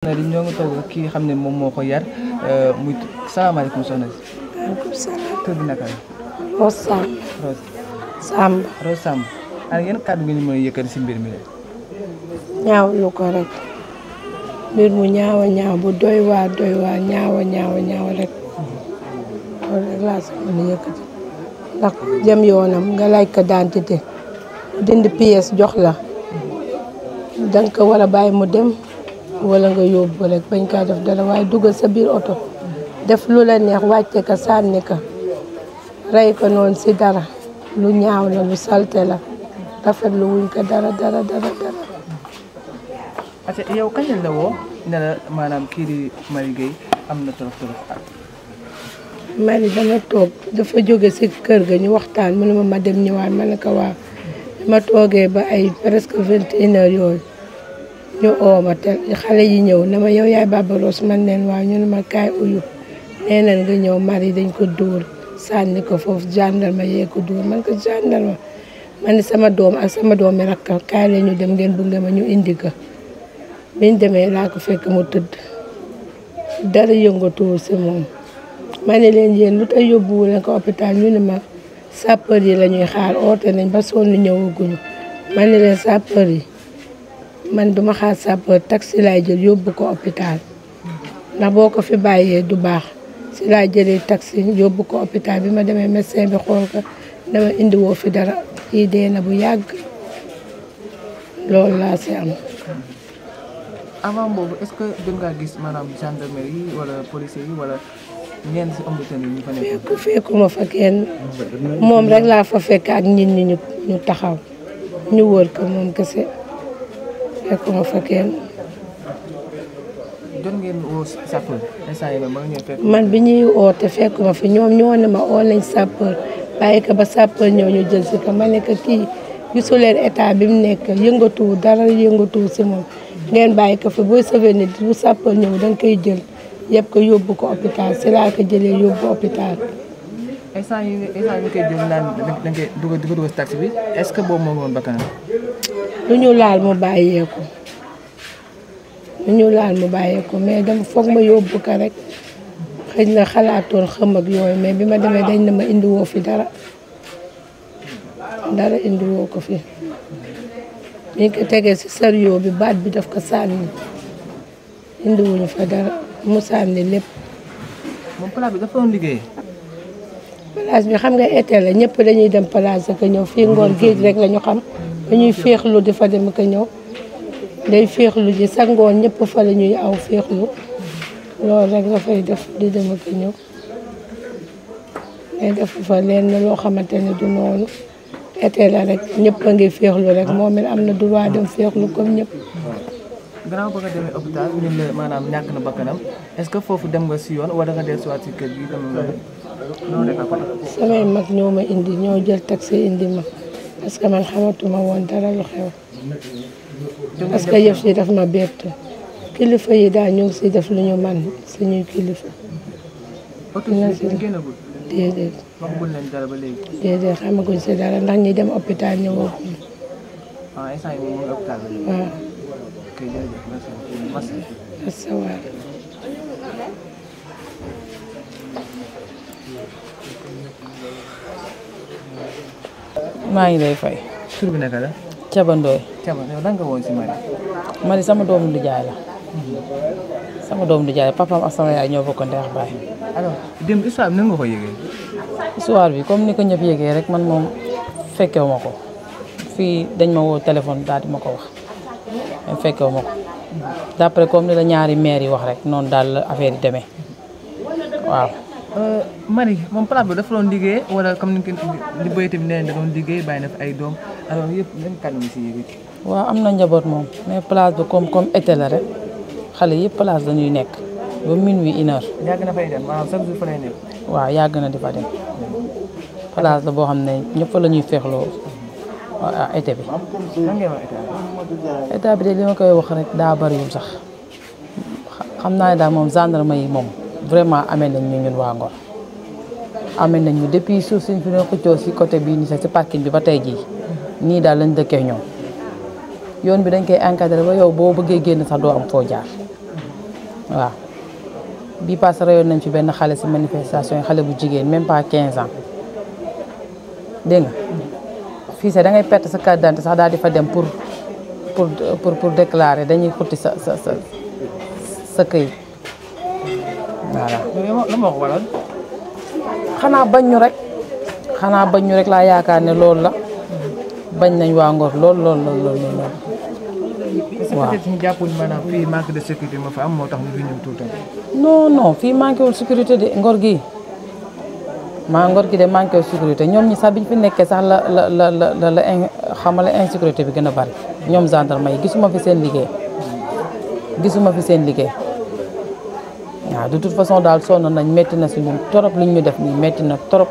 di ñoo ngi ki nga xam ne moom moo ko yar euh, muy salaamaaleykum soxna si. mbir mi ñaawlu ko rek mbir mu ñaawa ñaaw bu doy waa doy waa ñaawa ñaawa ñaawa rek loolu rek dindi pièce jox la danga ko war a bàyyi mu dem. wala nga yóbbu rek bañ kaa def dara waaye dugal sa biir oto def lu la neex wàcce ka sànni ka rey ko noonu si dara lu ñaaw la lu salte la rafet lu wuñ ko dara dara dara dara. que yow kañ maanaam kii di Marie Gueye am na trop dama toog dafa jóge si kër ga ñu waxtaan mu ne ma ma dem ñëwaat ma ne ko waaw ma toogee ba ay presque vingt et une yooyu. ñu ooma te xale yi ñëw na ma yow yaay Baba Rose man leen waaw ñu ne ma kaay uyu nee nañ nga ñëw mari dañ ko dóor sànni ko foofu gendarme yee ko dóor man ko gendarme man ni sama doom ak sama doomi rakkal kaay la ñu dem ngeen bunge ma ñu indi ko biñ demee laa ku fekk mu tëdd dara yëngatuwul si moom ma ne leen yéen lu tax yóbbuwu leen ko hôpital ñu ne ma sapeur yi la ñuy xaar oote nañ ba sonn ñëwaguñu ma ne leen sapeur yi man duma xaar sapeur si laay jël yóbbu ko hôpital ndax boo ko fi bàyyee du baax si laa jëlee taxi yóbbu ko hôpital bi ma demee médecin bi xool ko dama indiwoo fi dara kii dee na bu yàgg loolu laa si am. avant boobu est-ce que fekkuma fa kenn moom rek laa fa fekk ak nit ñi ñu taxaw ñu wër ko moom kese. fekkuma fa kenn. jot ngeen fekk. man bi ñuy oote fekkuma fa ñoom ñoo ne ma oo nañ sapeur bàyyi ko ba sapeur ñëw ñu jël si ko ma nekk ko kii gisu leen état bi mu nekk yëngatuwul dara yëngatuwul si moom. ngeen bàyyi ko fa booy sauver nit bu sapeur ñëw da nga koy jël yëpp ko yóbbu ko hôpital si laa ko jëlee yóbbu hôpital. instant yi instant yi ñu koy jël naan da nga ko dugal taxi bi est-ce que boobu moo ngi woon bakkanam lu ñu laal mu bàyyeeku lu ñu laal mu bàyyeeku mais dama foog ma yóbbu ko rek xëy na xalaatoon xam ak yooyu mais bi ma demee dañ na ma indiwoo fi dara dara indiwoo ko fi ñu ko tegee si sario bi baat bi daf ko sànni indiwuñu fa dara mu sànni lépp. moom plat bi dafa doon liggéey. plage bi xam nga été la ñëpp dañuy dem plage ak ñëw fii Ngor géej rek la ñu xam dañuy féexlu di fa dem ak ñëw day féexlu ji sax ngoon ñëpp fa la ñuy aw féexlu loolu rek la def di dem ak ñëw mais def fa leen loo xamante ne du noonu été la rek ñëpp a ngi féexlu rek moom it am na droit dem féexlu comme ñëpp. gannaaw ba nga maanaam ñàkk na bakkanam est-ce que foofu dem nga si yoon wala nga dellusiwaat si kër samay mag ñoo ma indi ñoo jël taxi indi ma parce que man xamatuma woon dara lu xew parce que yëf si daf ma bett kilifa yi daal ñu ngi si def lu ñu man suñuy kilifa déedéet déedéet xamaguñ si dara ndax ñi dem hôpital ñëwaguñ ah, waaw maa ngi lay fay. tur bi naka la. Thiaba Ndoye. Thiaba sama doomu nijaay la. sama doomu nijaay la papaam ak sama yaay ñoo bokk ndeex baay. bi comme ni ko ñëpp yëgee rek man moom fekkee wu ma ko fii dañ ma woo téléphone daal di ma ko wax man fekkewu ma ko. d'après comme ni ñaari maire yi wax rek noonu daal la affaire waaw. Euh, Marie moom plat bi dafa doon liggéey wala comme ni li béy tamit nee da doon liggéey bàyyi nag ay doom alors yëpp même waaw am na njaboot moom mais place bi comme comme été la rek xale yëpp place dañuy nekk ba minuit une heure. yàgg na fay dem yàgg na di fa dem place la boo xam ne ñëpp la ñuy feexloo ah, été bi. lan ngay bi. de li ma koy wax rek daa bëriwul sax xam naa ne daal moom gendarme yi moom. vraiment amee nañ ñu ñun waa Ngor amee nañ ñu depuis suuf si ñu fi doon si côté bii nii sax si ba tey jii nii daal lañ dëkkee ñoom yoon bi dañ koy encadré ba yow boo bëggee génn sax doo am jaar waaw bi passé rayoon nañ fi benn xale si manifestation yi xale bu jigéen même pas 15 ans dégg nga fii sax da ngay perte sa carte d'identité sax daal di fa dem pour pour pour déclarer dañuy xutti sa sa sa voilà lu xanaa bañ ñu rek. xanaa bañ ñu rek laa yaakaar ne loolu la. bañ nañ waa Ngor lool lool lool lool lool. waaw est-ce que ñu jàppoon maanaam fii manque sécurité ma fa am moo tax ñu fi ñëw tuuti. non fii manqué wul sécurité de Ngor gi maa Ngor gi de manqué wul sécurité ñoom ñi sax biñ fi nekkee sax la la la la la xamala insécurité bi gën a bari ñoom gendarme yi gisuma fi seen liggéey gisuma fi seen liggéey. waaw de toute daal sonn nañ métti na si ñun trop liñ ñu def nii métti na trop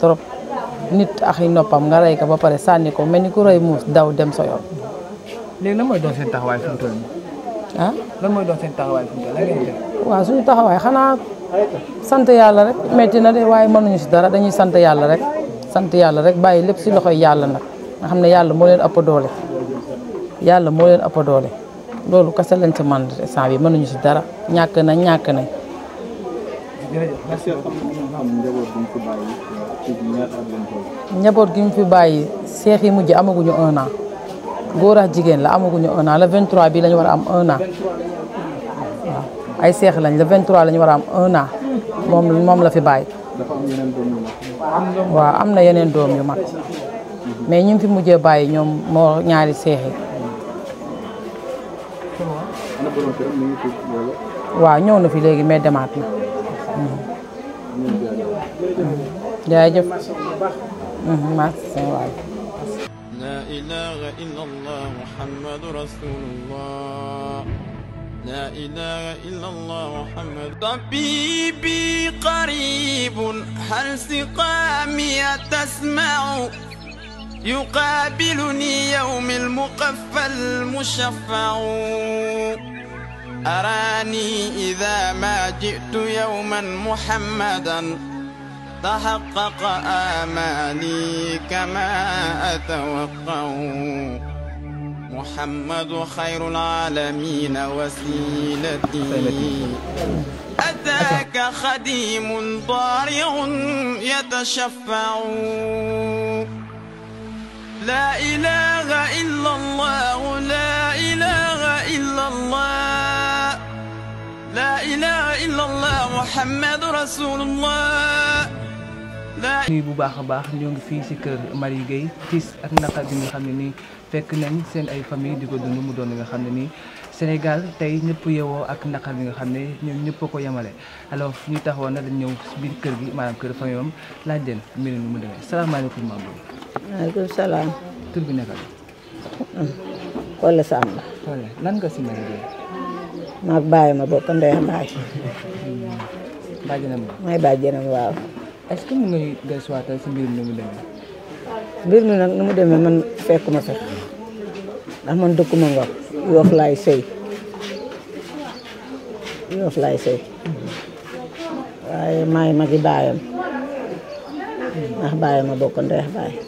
trop nit noppam nga rey ba pare sànni ko mel ni ku rey muus daw dem sa yoon. léegi mooy doon seen taxawaay fi ah? lan mooy doon suñu taxawaay xanaa sant yàlla rek métti na de waaye mën nañu si dara dañuy sant yàlla rek sant yàlla rek bàyyi lépp si loxoy yàlla nag nga xam ne yàlla moo leen ëpp doole yàlla moo leen ëpp doole. loolu kese lañ ci mën instant bi mënuñu si dara ñàkk nañ ñàkk nañ. njaboot gi fi bàyyi seex yi mujj amaguñu un an góor ak jigéen la amaguñu un an le 23 bi lañu war am un ay seex lañ le 23 lañu war am un an moom la fi bàyyi. waaw am na yeneen doom yu mag mais ñi fi mujjee bàyyi ñoom moo ñaari seex yi waaw ñëw na fi léegi mais demaat na. Mm-hmm. jaajëf. Mm-hmm, merci waay. laa ilaaha illallah muhammadu rasulullah. laa ilaaha illallah muhammad. tabibi qaribun hal siqaamiya tasmau. yuqaabiluni yawmal muqaffal mushaffau أراني إذا ما جئت يوما محمدا تحقق آماني كما أتوقع محمد خير العالمين وسيلتي أتاك خديم ضارع يتشفع لا إله Muhammad nii bu baax a baax ñoo ngi fii ci kër Marie Gueye tiis ak naqar bi nga xam ne nii fekk nañ seen ay famille di ko dund mu doon li nga xam ne nii Sénégal tey ñëpp yewoo ak naqar bi nga xam ne ñoom ñëpp a ko yemale alors ñu taxawoon na dañ ñëw biir kër gi maanaam kër famille am laaj leen mbir mi mu demee salaamaaleykum maam boobu. maaleykum salaam. tur bi naka la. Kolle Samba. lan nga ci Marie Gueye. maag bàyyi ma bokk ndey ak bàyyi. bàjjenam mooy bàjjenam waaw. est-ce mbir mi nu mu demee. nag nu mu demee man fekkuma sax ndax man dëkkuma Ngor Yoof laay sëy Yoof laay sëy waaye maay magi baayam ndax baayam ma bokk ndey ak bàyyi.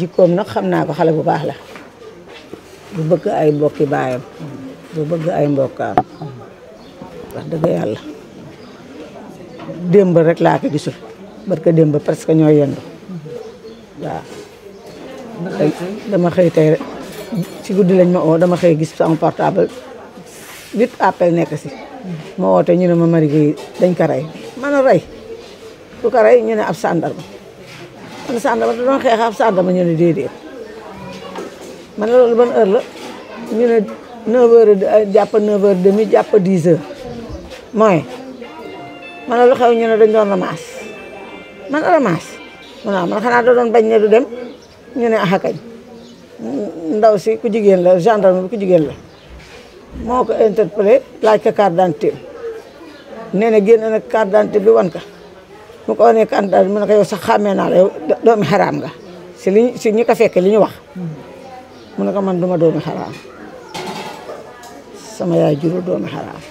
jikkoom nag xam naa ko xale bu baax la bu bëgg ay bokki baayam. bu bëgg ay mbokkaam wax dëgg yàlla démb rek laa ko gisul barka démb presque ñoo yendu waaw dama xëy tey rek ci guddi lañ ma oo dama xëy gis sama portable huit appel nekk si ma woote ñu ne ma Marie Gueye dañ ko rey man a rey ku ko rey ñu ne ab sàndarma man sàndarma da doon ab sàndarma ñu ne déedéet man loolu ban heure la ñu ne neuf heures jàpp neuf heures demi jàpp dix heures mooy man lu xew ñu ne dañ doon ramaas man ramaas mu ne xanaa da doon bañ ne du dem ñu ne axa kañ ndaw si ku jigéen la gendarme bi ku jigéen la moo ko interpellé laaj ka carte d'identité nee na génn na carte d'identité bi wan ka mu ko wanee carte d'identité mu ne ko yow sax xàmmee naa la yow doomi xaraam nga si li si ñi ko fekke li ñu wax mu ne ko man duma doomi xaraam sama yaay juru doomu xaraam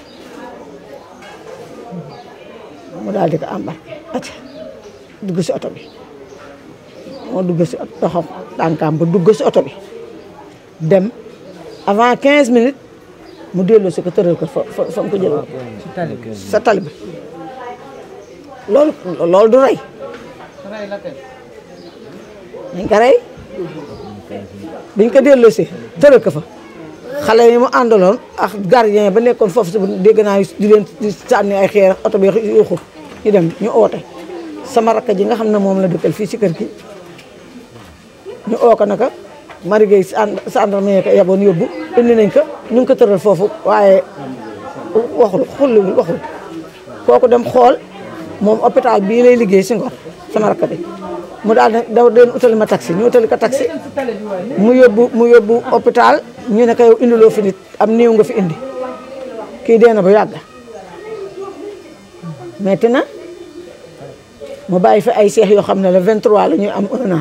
mu daal di ko àmbar ati dugg si oto bi moo dugg si oto doxam ba dugg si oto bi dem avant 15 minutes mu delloo si ko tëral ko fa fa mu ko jëloon sa tali bi du rey dañ ko rey biñ ko delloo si tëral ko fa xale yi mu àndaloon ak gardien ba nekkoon foofu si dégg naa di leen sànni ay xeer ak oto yu yuuxu ñu dem ñu oote sama rakk ji nga xam ne moom la dëkkal fii si kër gi ñu oo ko naka Marie Gueye gendarmerie ko yaboon yóbbu indi nañ ko ñu ngi ko tëral foofu waaye waxul xulliwul waxul kooku dem xool moom hôpital bii lay liggéey si Ngor sama rakk bi mu daal di daw leen utali ma taxi ñu utali ko taxi mu yóbbu mu yóbbu hôpital ñu ne ko yow indiloo fi nit am néew nga fi indi kii dee na bu yàgg metti na mu bàyyi fi ay seex yoo xam ne le 23 la ñuy am un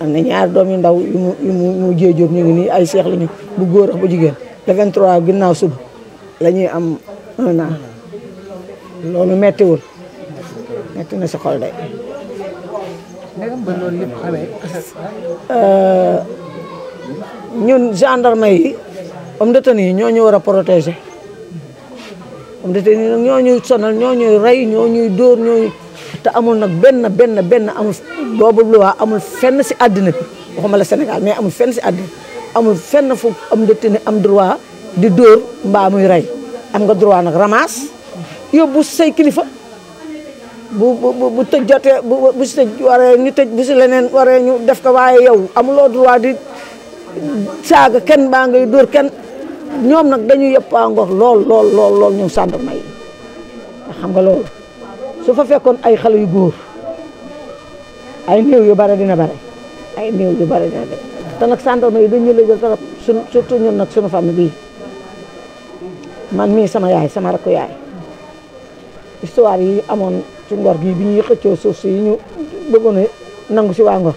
am na ñaar doom yu ndaw yu mu yu nii ay seex la bu góor ak bu jigéen le ginnaaw suba la ñuy am un an loolu mettiwul metti na si xol day ba loolu lépp xamee. Euh, ñun gendarme yi homme de yi ñoo ñu war a protéger homme de ñoo ñuy sonal ñoo ñuy rey ñoo ñuy dóor ñoo te amul nag benn benn benn amul boobu lu waa amul fenn si àddina bi waxuma la Sénégal mais amul fenn si àddina amul fenn fu homme de tenue am droit di dóor mbaamuy rey am nga droit nag ramasse yóbbu say kilifa. bu bu bu tëj jotee bu bu si tëj waree ñu tëj bu si leneen waree ñu def ko waaye yow amuloo droit di saaga kenn baa ngay dóor kenn ñoom nag dañu yëpp a ngor lool lool lool lool ñoom yi xam nga loolu su fa fekkoon ay xale yu góor ay néew yu bare dina bare ay néew yu bare dina bare te nag sàndarma yi dañu nag suñu famille bii man mii sama yaay sama rakku yaay histoire yi amoon ci ngor gi bi ñuy xëccoo suuf si yi ñu bëggoon nangu si waa ngor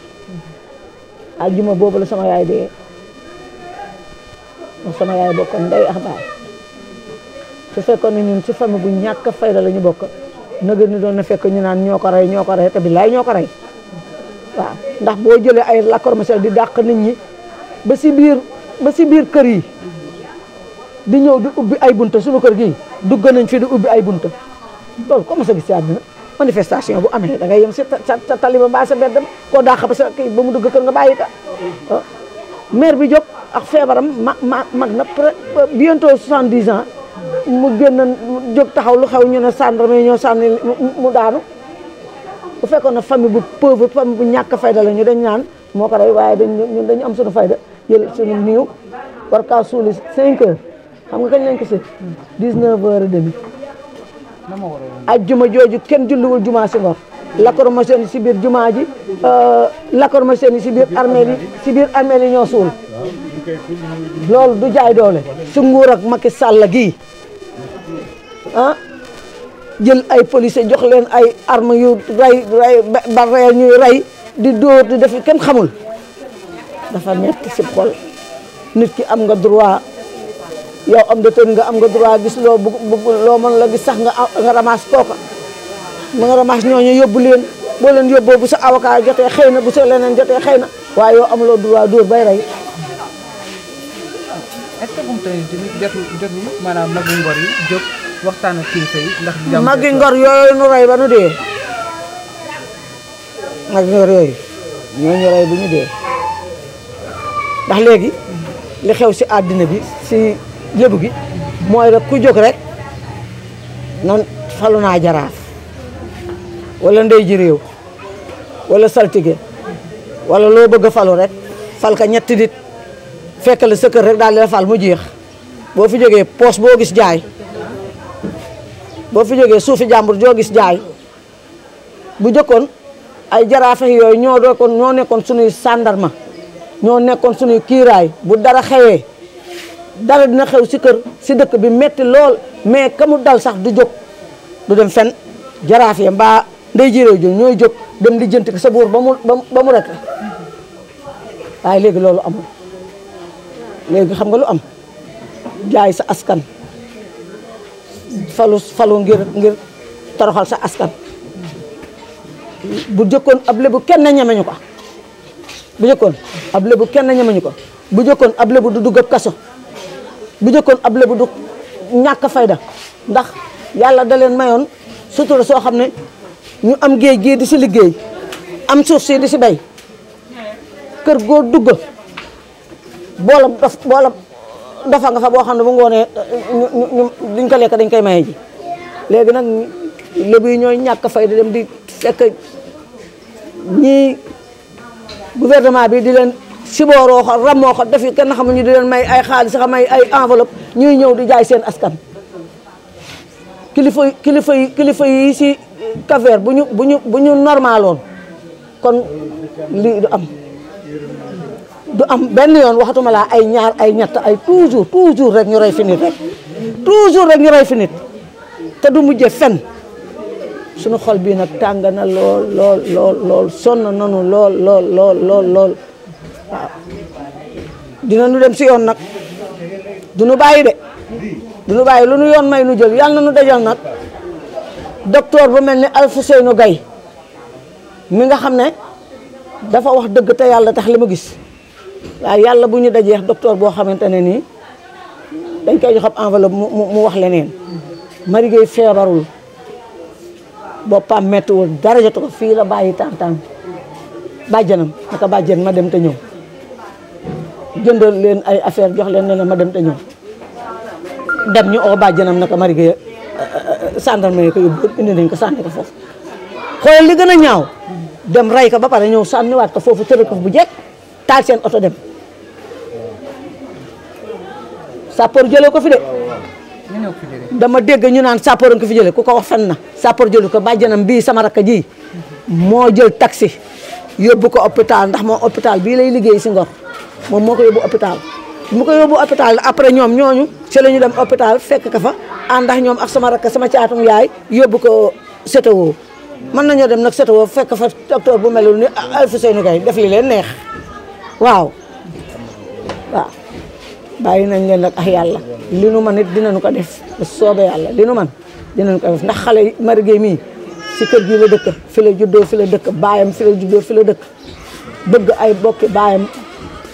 aljuma boobu la sama yaay dee sama yaay bokkoon ndey ak baay su fekkoon ne ñun si famille bu ñàkk fayda la ñu bokk nëgë ni doon na fekk ñu naan ñoo ko rey ñoo ko rey te billaay ñoo ko rey waaw ndax boo jëlee ay lacrymogène di dàq nit ñi ba si ba si biir kër yi di ñëw di ubbi ay bunta suñu kër gi dugg nañ fi di ubbi ay bunta loolu comme sa gis ci àdduna manifestation bu amee da ngay yem sa sa tali ba mbaa sa mbedd ba koo daax ba sa kii ba mu dugg kër nga bàyyi ka ah. maire bi jóg ak feebaram ma ma mag na bientôt sant dix ans mu génn jóg taxaw lu xew ñu ne gendarme ñoo sànni mu daanu bu fekkoon na famille bu pauvre famille bu ñàkk fayda la ñu dañ naan moo ko rey waaye dañ ñun am suñu fayda jël suñu néew war kaa suuli cinq heures xam nga kañ lañ ko si dix-neuf heures demi ajjuma jooju kenn julliwul juma si ngor lacrymogène yi si biir juma ji euh, lacrymogène yi si biir armeel yi si biir armeel yi ñoo suul loolu du jaay doole su nguur ak Macky Sall gii ah, jël ay policier jox leen ay arme yu rey rey ba rey ñuy di dóor di def kenn xamul dafa metti si xol nit ki am nga droit yow am da tën nga am nga droit gis loo bu loo mën la gis sax nga nga ramasse kooka mu nga ramasse ñooñu yóbbu leen boo leen yóbboo bu sa avocat jotee xëy na bu sa leneen jotee xëy na waaye yow amuloo droit dóor bay rey. est maanaam mag waxtaan ak kilifa yi ndax. mag yu ngor yooyu ñooñu rey bu ñu dee ndax léegi li xew si àddina bi lébu gi mooy rek ku jóg rek nan falu naa jaraaf wala ndey ji réew wala saltige wala loo bëgg a falu rek fal ka ñetti nit fekk la rek daal di fal mu jeex boo fi jógee poos boo gis jaay boo fi jógee suufi jàmbur joo gis jaay bu jëkkoon ay jaraafe yooyu ñoo dookoon ñoo nekkoon sunuy sàndarma ñoo nekkoon sunuy kiiraay bu dara xewee dara dina xew si kër si dëkk bi metti lool mais kamu dal sax du jóg du dem fen jaraaf ya mbaa nday jërew jël ñooy jóg dem di sa buur ba mu ba mu waaye léegi loolu amul léegi xam nga lu am jaay sa askan falu falu ngir ngir toroxal sa askan bu jëkkoon ab lebu kenn ñemeñu ko bu jëkkoon ab lebu kenn ñemeñu ko bu jëkkoon ab lebu du dugg ab kaso bu njëkkoon ab lebu du ñàkk fayda ndax yàlla da leen mayoon sutura soo xam ne ñu am géej gii di si liggéey am suuf si di si bay kër goo dugg boolam dof boola dofa nga fa boo xam ne bu ngoonee ñu ko lekk dañ koy maye ji léegi nag lébu ñooy ñàkk fayda dem di fekk ñii gouvernement bi di leen sibooroo xol ramoo xol def yi kenn xam ñu di leen may ay xaalis xam ay enveloppe ñuy ñëw di jaay seen askan kilifa kilifa yi kilifa yi si kaver bu ñu bu ñu bu kon lii du am du am benn yoon waxatuma laa ay ñaar ay ñett ay toujours toujours rek ñu rey fi nit rek toujours rek ñu rey fi nit te du mujje fen suñu xol bii nag tàng na lool lool lool lool sonn lool lool lool lool lool dinañu dem si yoon nag duñu bàyyi de nu bàyyi lu nu yoon may nu jël yàlla na nu dajal nag docteur bu mel ni Alfousseynou gay mi nga xam ne dafa wax dëgg te yàlla tax li ma gis waaye yàlla bu ñu dajeex docteur boo xamante ne nii dañ koy jox ab mu mu wax leneen Marie Gueye feebarul boppam mettiwul dara jot ko fii la bàyyi tàntàn bàjjanam naka bàjjen ma dem te ñëw jëndal leen ay affaire jox leen ne ma dem te ñëw dem ñu oo bàjjanam naka Marie Guèye euh, gendarme yi ko yóbbu indi nañ ko sànni ko foofu xoolal li gën a ñaaw dem rey ka ba pare ñëw sànniwaat ko foofu tëral ko bu jekk taal seen oto dem sapeur jëlee ko fi de dama dégg ñu naan sapeur nga ko fi jëlee ku ko wax fen na sapeur jëlu ko bàjjanam bii sama rakk ji moo jël taxi yóbbu ko hôpital ndax moo hôpital bii lay liggéey si Ngor moom moo ko yóbbu hôpital mu ko yóbbu hôpital après ñoom ñooñu ci la ñu dem hôpital fekk ka fa ànd ak ñoom ak sama rakk sama caatum yaay yóbbu ko CTO mën nañoo dem nag CTO fekk fa docteur bu melul ni Alfousseyni Gaye def li leen neex waaw waaw bàyyi nañ leen nag ak yàlla li nu man dina dinañu ko def soobee yàlla li nu man dinañ ko def ndax xale Marie Gueye mii si kër gi a dëkk fi la juddoo fi la dëkk baayam fi la juddoo fi la dëkk bëgg ay bokki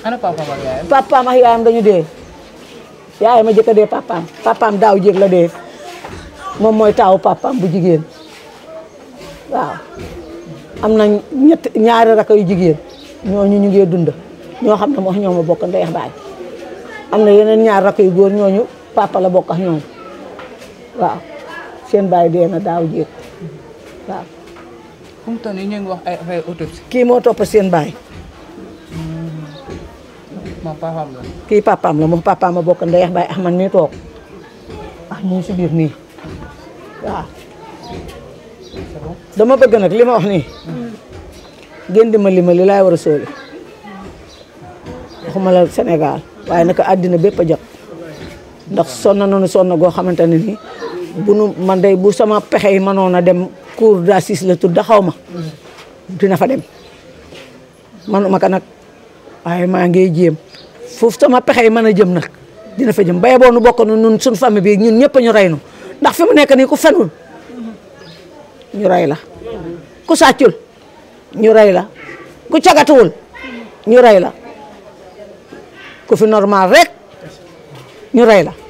ana papaam ak yaayam. papaam dañu dee yaayam a jëkk a dee papaam papaam daaw jéeg la dee moom mooy taawu papaam bu jigéen waaw am na ñett ñaari rakk yu jigéen ñooñu ñu ngi dund ñoo xam ne moom ñoo ma bokk ndeex baay am na yeneen ñaar rakk yu góor ñooñu papa la bokk a ñoom waaw seen baay dee na daaw jéeg waaw. fu ñu ngi wax ay affaire autopsie. kii moo topp seen baay. moom papaam kii papaam la moom papaam ma bokk ndey ak baay ak ah, man mii toog ah ñu ngi si biir nii waaw. dama bëgg nag li ma wax nii. gën di ma li li laay war a sóole. waxuma la Sénégal waaye nag àddina bépp a jot ndax sonn nañu sonn goo xamante ne nii bu nu man day bu sama pexe yi mënoon a dem cour d'assises la tudd xaw ma dina fa dem manuma ka nag waaye maa ngi jéem. foofu sama pexe yi mën a jëm nag dina fa jëm ba yeboo nu bokk nu nun suñu famille bi ñun ñëpp ñu rey nu ndax fi mu nekk nii ku fenul ñu rey la ku sàccul ñu rey la ku cagatuwul ñu rey la ku fi normal rek ñu rey la